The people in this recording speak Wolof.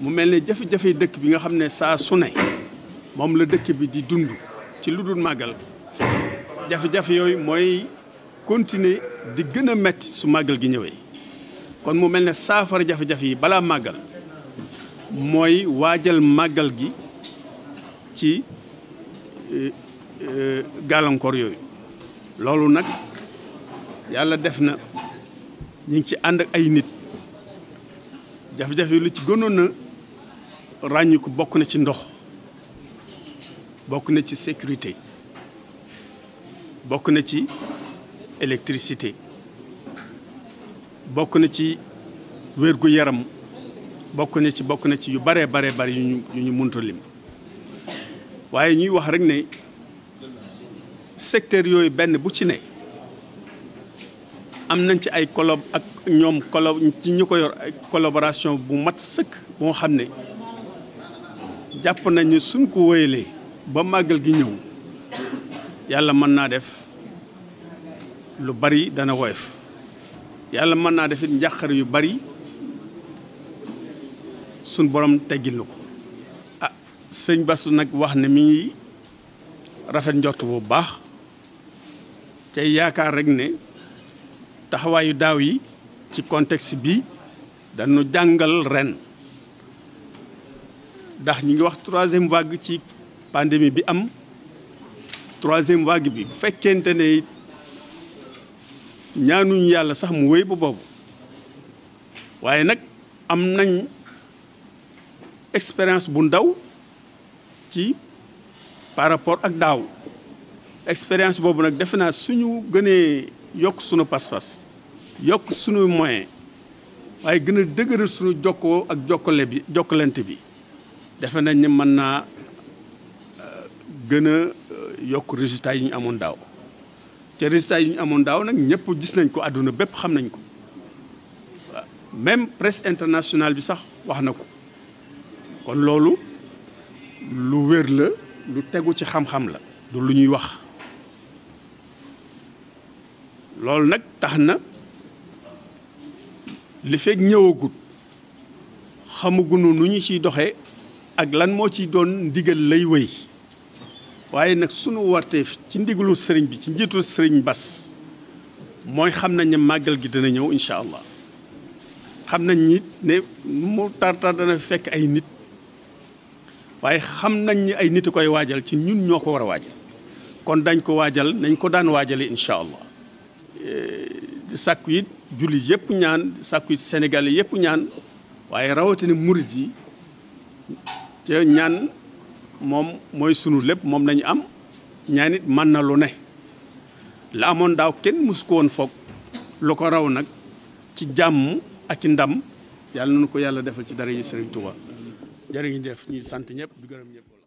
mu mel ne jafe-jafe dëkk bi nga xam ne saa su ne moom la dëkk bi di dund ci lu dul màggal jafe-jafe yooyu mooy continuer di gën a metti su màggal gi ñëwee kon mu mel ne saafara jafe-jafe yi balaa màggal mooy waajal màggal gi ci euh, euh, gàllankoor yooyu loolu nag yàlla def na ñu ngi ci ànd ak ay nit jafe-jafe yi lu ci gënoon na ràññiku bokk na ci ndox bokk na ci sécurité bokk na ci électricité bokk na ci wér-gu-yaram bokk na ci bokk na ci yu baree baree bari yu ñu munta lim waaye ñuy wax rek ne secteur yooyu benn bu ci ne am nañ ci ay collab ak ñoom collab ci ñu ko yor ay collaboration bu mat sëkk boo xam ne jàpp nañ ni suñ ko wéyalee ba màggal gi ñëw yàlla mën naa def lu bari dana woyof yàlla mën naa def it njàqare yu bari suñ borom teggil ko ah sëñ Basu nag wax ne mi ngi rafet njort bu baax te yaakaar rek ne taxawaayu daaw yi ci contexte bi danu jàngal ren ndax ñi ngi wax troisième vague ci pandémie bi am troisième vague bi bu fekkente ne ñaanuñu yàlla sax mu wéy ba boobu waaye nag am nañ expérience bu ndaw ci par rapport ak daaw expérience boobu nag defe naa suñu gënee yokk sunu pas-pas yokk sunu moyen waaye gën a dëgëral suñu jokkoo ak jokkale bi jokkalante bi defe nañ ni mën naa euh, gën a euh, yokk résultat yi ñu amoon daaw te résultat yi ñu amoon daaw nag ñëpp gis nañ ko àdduna bépp xam nañ ko même presse internationale bi sax wax na ko kon loolu lu wér la lu tegu ci xam-xam la du lu ñuy wax loolu nag tax na li fekk ñëwagut xamugunu nu ñu ciy doxee ak lan moo ci doon ndigal lay wéy waaye nag sunu warteef ci ndigalu sëriñ bi ci njiitul sëriñ Bas mooy xam nañ ne màggal gi dina ñëw incha allah xam nañ ni ne mu tartar fekk ay nit waaye xam nañ ni ay nit a koy waajal ci ñun ñoo ko war a waajal kon dañ ko waajal nañ ko daan waajale incha allah di sàkku it jullit yëpp ñaan di sàkku it yëpp ñaan waaye rawatina murid yi te ñaan moom mooy sunu lépp moom lañu am ñaan it mën na lu ne la amoon daaw kenn mësu ko foog lu ko raw nag ci jàmm ak ci ndam yàlla nañu ko yàlla defal ci dara yi Sëriñ Tuuba ñuy sant ñëpp di gërëm ñëpp